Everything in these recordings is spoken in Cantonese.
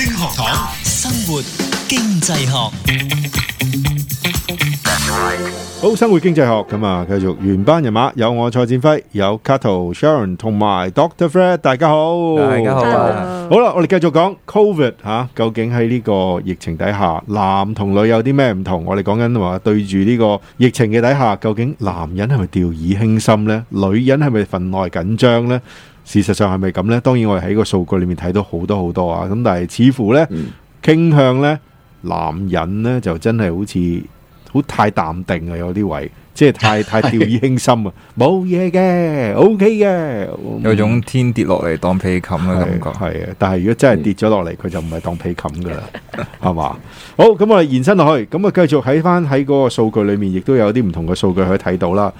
財星學堂生活經濟學，好，生活經濟學咁啊，繼續原班人馬，有我蔡展輝，有 Cato Sharon 同埋 Doctor Fred，大家好，大家好，好啦，我哋繼續講 Covid 吓，究竟喺呢個疫情底下，男同女有啲咩唔同？我哋講緊話，對住呢個疫情嘅底下，究竟男人係咪掉以輕心咧？女人係咪分外緊張咧？事實上係咪咁呢？當然我哋喺個數據裏面睇到好多好多啊，咁但係似乎呢傾、嗯、向呢，男人呢就真係好似好太淡定啊，有啲位即係、就是、太太掉以輕心啊，冇嘢，嘅，O K 嘅，有種天跌落嚟當被冚嘅感覺，係嘅。但係如果真係跌咗落嚟，佢就唔係當被冚噶啦，係 嘛？好，咁我哋延伸落去，咁啊繼續喺翻喺嗰個數據裏面，亦都有啲唔同嘅數據可以睇到啦。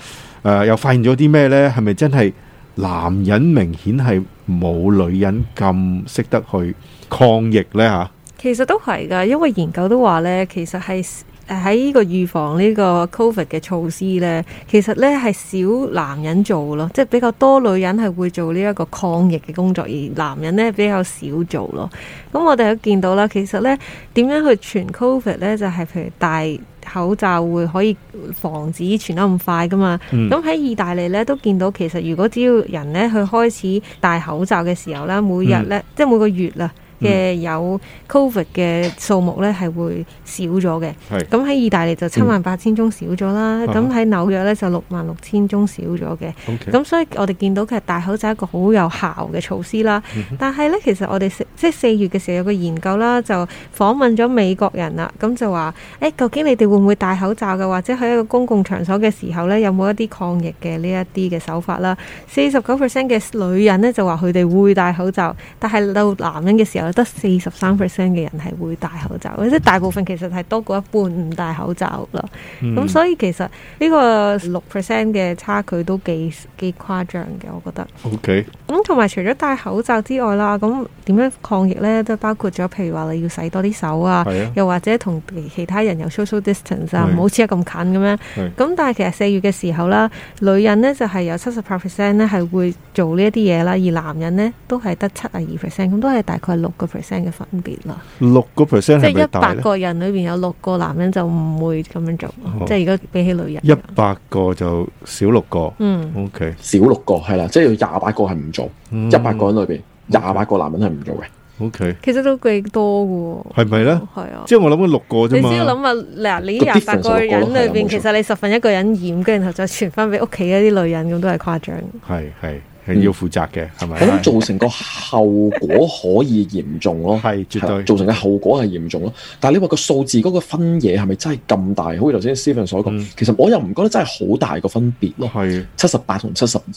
誒、呃，又發現咗啲咩呢？係咪真係？男人明顯係冇女人咁識得去抗疫呢。嚇，其實都係㗎，因為研究都話呢，其實係喺呢個預防呢個 covid 嘅措施呢，其實呢係少男人做咯，即係比較多女人係會做呢一個抗疫嘅工作，而男人呢比較少做咯。咁我哋都見到啦，其實呢點樣去傳 covid 呢？就係、是、譬如大。口罩會可以防止傳得咁快㗎嘛？咁、嗯、喺意大利咧都見到，其實如果只要人咧去開始戴口罩嘅時候啦，每日咧、嗯、即係每個月啦。嘅有 covid 嘅數目咧係會少咗嘅，咁喺意大利就七萬八千宗少咗啦，咁喺紐約咧就六萬六千宗少咗嘅，咁所以我哋見到其實戴口罩一個好有效嘅措施啦。但係咧，其實我哋四即係四月嘅時候有個研究啦，就訪問咗美國人啦，咁就話誒、欸、究竟，你哋會唔會戴口罩嘅，或者喺一個公共場所嘅時候咧，有冇一啲抗疫嘅呢一啲嘅手法啦？四十九 percent 嘅女人咧就話佢哋會戴口罩，但係到男人嘅時候。覺得四十三 percent 嘅人係會戴口罩，或者大部分其實係多過一半唔戴口罩啦，咁所以其實呢個六 percent 嘅差距都幾幾誇張嘅，我覺得。Okay. 咁同埋除咗戴口罩之外啦，咁點樣抗疫咧？都包括咗，譬如話你要洗多啲手啊，啊，又或者同其他人有 social distance 啊，唔好似得咁近咁樣。咁但係其實四月嘅時候啦，女人咧就係有七十 percent 咧係會做呢一啲嘢啦，而男人咧都係得七啊二 percent，咁都係大概六個 percent 嘅分別啦。六個 percent 即係一百個人裏邊有六個男人就唔會咁樣做，即、哦、係如果比起女人一百個就少六個，嗯，OK，少六個係啦，即係有廿八個係唔做。一、嗯、百個人裏邊，廿八個男人係唔做嘅。O、okay, K，其實都幾多噶，係咪咧？係啊，即係我諗嘅六個啫嘛。你只要諗下，嗱，你廿八個人裏邊、嗯，其實你十分一個人染，跟住然後再傳翻俾屋企嗰啲女人，咁都係誇張。係係。嗯、要負責嘅係咪？咁造成個後果可以嚴重咯，係絕對造成嘅後果係嚴重咯。但係你話個數字嗰個分野係咪真係咁大？好似頭先 Stephen 所講、嗯，其實我又唔覺得真係好大個分別咯。係七十八同七十二。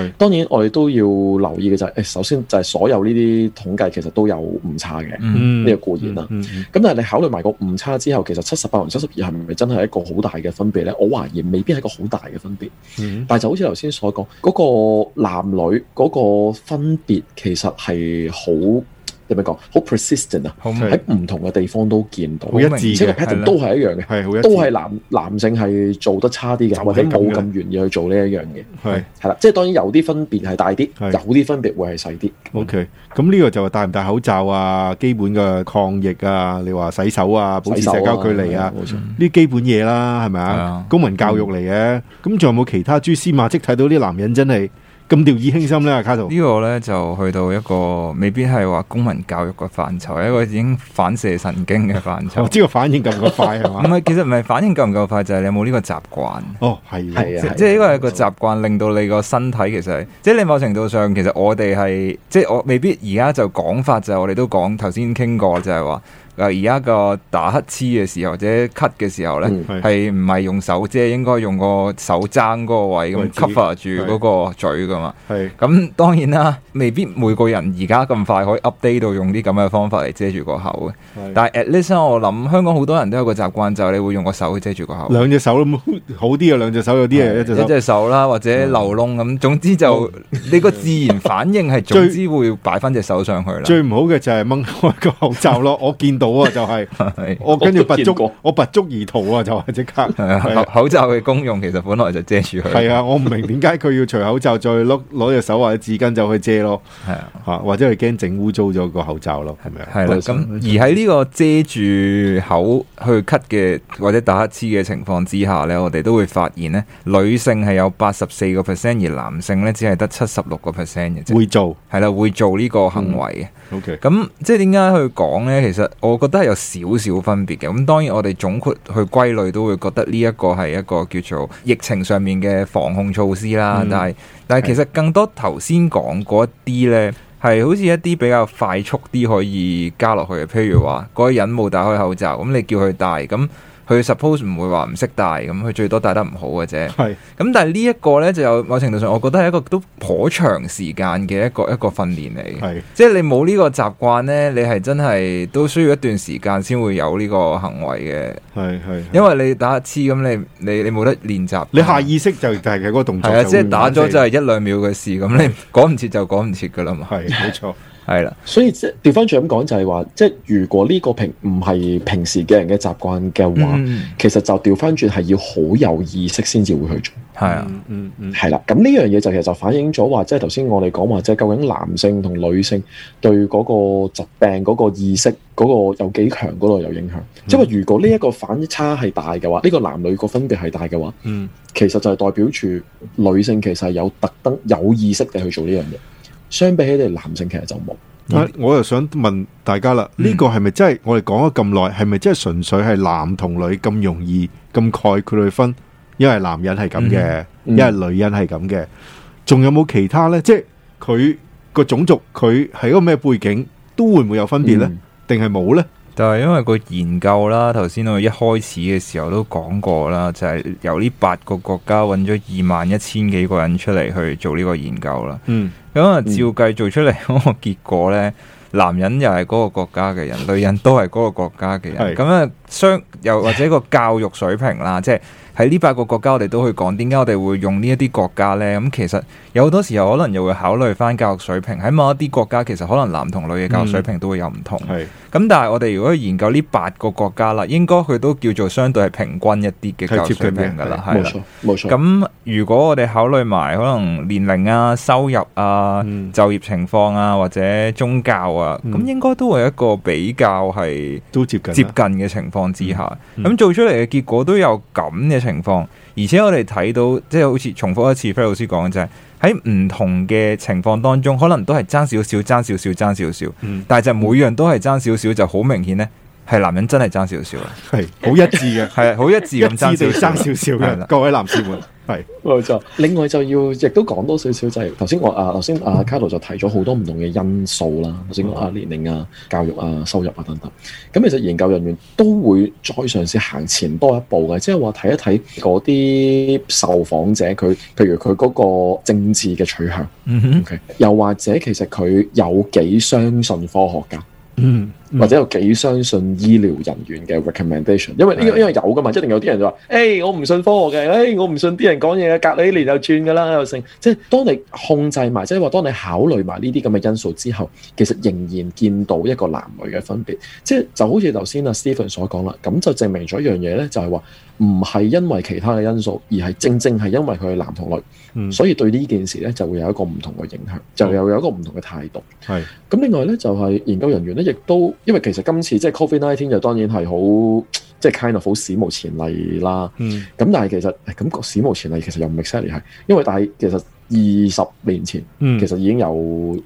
係當然我哋都要留意嘅就係、是，誒首先就係所有呢啲統計其實都有誤差嘅，呢、嗯呢個固然啦、啊。咁、嗯嗯、但係你考慮埋個誤差之後，其實七十八同七十二係咪真係一個好大嘅分別呢？我懷疑未必係一個好大嘅分別。嗯、但係就好似頭先所講，嗰、嗰個男女嗰、嗰個分別其實係好點樣講？好 persistent 啊，喺唔同嘅地方都見到，好一致是是的都係一樣嘅，都係男是男性係做得差啲嘅，或者冇咁願意去做呢一樣嘢。係係啦，即係當然有啲分別係大啲，有啲分別會係細啲。OK，咁呢個就係戴唔戴口罩啊，基本嘅抗疫啊，你話洗手啊，保持社交距離啊，冇錯、啊，呢啲基本嘢啦、啊，係咪啊？公民教育嚟、啊、嘅，咁、嗯、仲有冇其他蛛絲馬跡睇到啲男人真係？咁掉以輕心啦，卡杜呢、呢個呢，就去到一個未必係話公民教育嘅範疇，一個已經反射神經嘅範疇。 我知道呢個反應夠唔夠快係嘛？唔 係，其實唔係反應夠唔夠快，就係、是、你有冇呢個習慣。哦，係係啊，啊，啊，啊，即係呢個係個習慣，令到你個身體其實是，即係你某程度上，其實我哋係，即係我未必而家就講法就係、是，我哋都講頭先傾過就係話。而家個打乞嗤嘅時候或者咳嘅時候呢係唔係用手遮？應該用個手踭嗰個位咁 cover 住嗰個嘴噶嘛。咁、嗯、當然啦，未必每個人而家咁快可以 update 到用啲咁嘅方法嚟遮住個口嘅。但係 at least 我諗香港好多人都有一個習慣，就係你會用個手去遮住個口。兩隻手都好啲啊！兩隻手有啲啊，一隻手啦，或者流窿咁、嗯。總之就、嗯、你個自然反應係總之會擺翻隻手上去啦。最唔好嘅就係掹開個口罩咯。 我見到。好啊，就係、是、我跟住拔足， 我拔足而逃啊！就係、是、即刻、 啊。口罩嘅功用其實本來就遮住佢。係啊，我唔明點解佢要除口罩再碌攞隻手或者紙巾就去遮咯。係 啊，吓或者佢驚整污糟咗個口罩咯，係咪係啦。咁、啊啊、而喺呢個遮住口去咳嘅或者打乞嗤嘅情況之下咧，我哋都會發現咧，女性係有八十四個 percent，而男性咧只係得七十六個 percent 嘅啫。會做係啦、啊，會做呢個行為嘅。O K，咁即係點解去講咧？其實我。我覺得係有少少分別嘅，咁當然我哋總括去歸類都會覺得呢一個係一個叫做疫情上面嘅防控措施啦。嗯、但係但係其實更多頭先講嗰一啲呢，係好似一啲比較快速啲可以加落去嘅，譬如話嗰個人冇打開口罩，咁你叫佢戴咁。佢 suppose 唔會話唔識帶，咁佢最多帶得唔好嘅啫。係。咁但係呢一個呢，就有某程度上，我覺得係一個都頗長時間嘅一個一個訓練嚟。係。即係你冇呢個習慣呢，你係真係都需要一段時間先會有呢個行為嘅。係係。因為你打一次咁，你你冇得練習，你下意識就係係嗰個動作，就是。係啊，即係打咗就係一兩秒嘅事咁， 你講唔切就講唔切噶啦嘛。係，冇錯。係啦，所以即係調翻轉咁講就係話，即係如果呢個平唔係平時嘅人嘅習慣嘅話，其實就調翻轉係要好有意識先至會去做。係啊，嗯嗯，係啦。咁呢樣嘢就其實就反映咗話，即係頭先我哋講話，即係究竟男性同女性對嗰個疾病嗰個意識嗰個有幾強，嗰度有影響。即係如果呢一個反差係大嘅話，呢個男女個分別係大嘅話，嗯，其實就係代表住女性其實係有特登有意識地去做呢樣嘢。嗯相比起你男性其實就冇，我又想問大家啦，呢個係咪真係我哋講咗咁耐，係咪真係純粹係男同女咁容易咁概括去分？因為男人係咁嘅，因為女人係咁嘅，仲有冇其他呢？即係佢個種族，佢係一個咩背景，都會唔會有分別呢？定係冇呢？就係因為個研究啦，頭先我一開始嘅時候都講過啦，就係由呢八個國家揾咗二萬一千幾個人出嚟去做呢個研究啦。嗯，咁啊照計做出嚟嗰個結果呢。嗯嗯男人又係嗰個國家嘅人，女人都係嗰個國家嘅人。咁 啊，相又或者一個教育水平啦， 即係喺呢八個國家，我哋都去講點解我哋會用呢一啲國家呢。咁其實有好多時候可能又會考慮翻教育水平。喺某一啲國家，其實可能男同女嘅教育水平都會有唔同。咁、嗯，但係我哋如果去研究呢八個國家啦，應該佢都叫做相對係平均一啲嘅教育水平噶啦。係冇錯，冇錯。咁如果我哋考慮埋可能年齡啊、收入啊、就業情況啊，或者宗教、啊。咁、嗯、應該都係一個比較係都接接近嘅情況之下，咁、嗯嗯、做出嚟嘅結果都有咁嘅情況，而且我哋睇到即係、就是、好似重複一次，菲老師講嘅就係喺唔同嘅情況當中，可能都係爭少少、爭少少、爭少少，但係就每樣都係爭少少，就好明顯呢，係男人真係爭少少啦，係好一致嘅，係 好一致咁爭少爭少少嘅， 各位男士們。 係冇錯，另外就要，亦都講多少少就係頭先我啊，頭先啊卡羅就提咗好多唔同嘅因素啦。頭先講啊年齡啊、教育啊、收入啊等等。咁其實研究人員都會再嘗試行前多一步嘅，即係話睇一睇嗰啲受訪者佢，譬如佢嗰個政治嘅取向，嗯、okay，又或者其實佢有幾相信科學家。嗯或者有幾相信醫療人員嘅 recommendation，因為因為有㗎嘛，一定有啲人就話、欸：，我唔信科學嘅，誒、欸、我唔信啲人講嘢嘅，隔幾年又轉㗎啦，又成。即係當你控制埋，即係話當你考慮埋呢啲咁嘅因素之後，其實仍然見到一個男女嘅分別。即係就好似頭先阿 Stephen 所講啦，咁就證明咗一樣嘢咧，就係話唔係因為其他嘅因素，而係正正係因為佢係男同女、嗯，所以對呢件事咧就會有一個唔同嘅影響，嗯、就又有一個唔同嘅態度。係。咁另外咧就係研究人員咧亦都。因為其實今次即係 Covid nineteen 就當然係好即係 kind of 好史無前例啦，咁、嗯、但係其實感、那個史無前例其實又唔係真係係，因為但係其實二十年前、嗯、其實已經有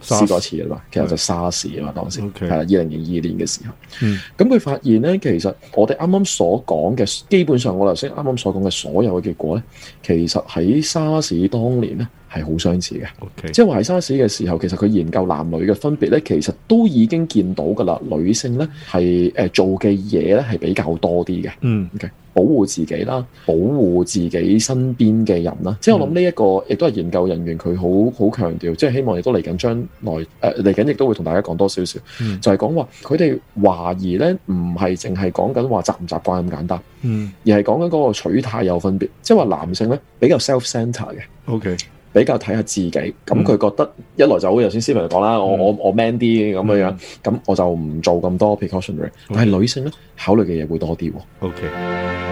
試過一次啦嘛、嗯，其實就沙士 r 啊嘛，當時係啦二零零二年嘅時候，咁、嗯、佢發現咧，其實我哋啱啱所講嘅基本上我頭先啱啱所講嘅所有嘅結果咧，其實喺沙士 r 當年咧，係好相似嘅，OK，即係喺沙士嘅時候，其實佢研究男女嘅分別咧，其實都已經見到㗎啦。女性咧係誒做嘅嘢咧係比較多啲嘅，嗯，OK，保護自己啦，保護自己身邊嘅人啦。即係我諗呢一個亦都係研究人員佢好好強調，即係希望亦都嚟緊將來誒嚟緊，亦都會同大家講多少少，mm. 就係講話佢哋懷疑咧唔係淨係講緊話習唔習慣咁簡單，嗯，而係講緊嗰個取態有分別，即係話男性咧比較 self-center 嘅，OK。比較睇下自己，咁佢覺得、嗯、一來就好，頭先思維嚟講啦，我、嗯、我我 man 啲咁樣，咁、嗯、我就唔做咁多 precautionary，okay。但係女性咧，考慮嘅嘢會多啲喎。OK。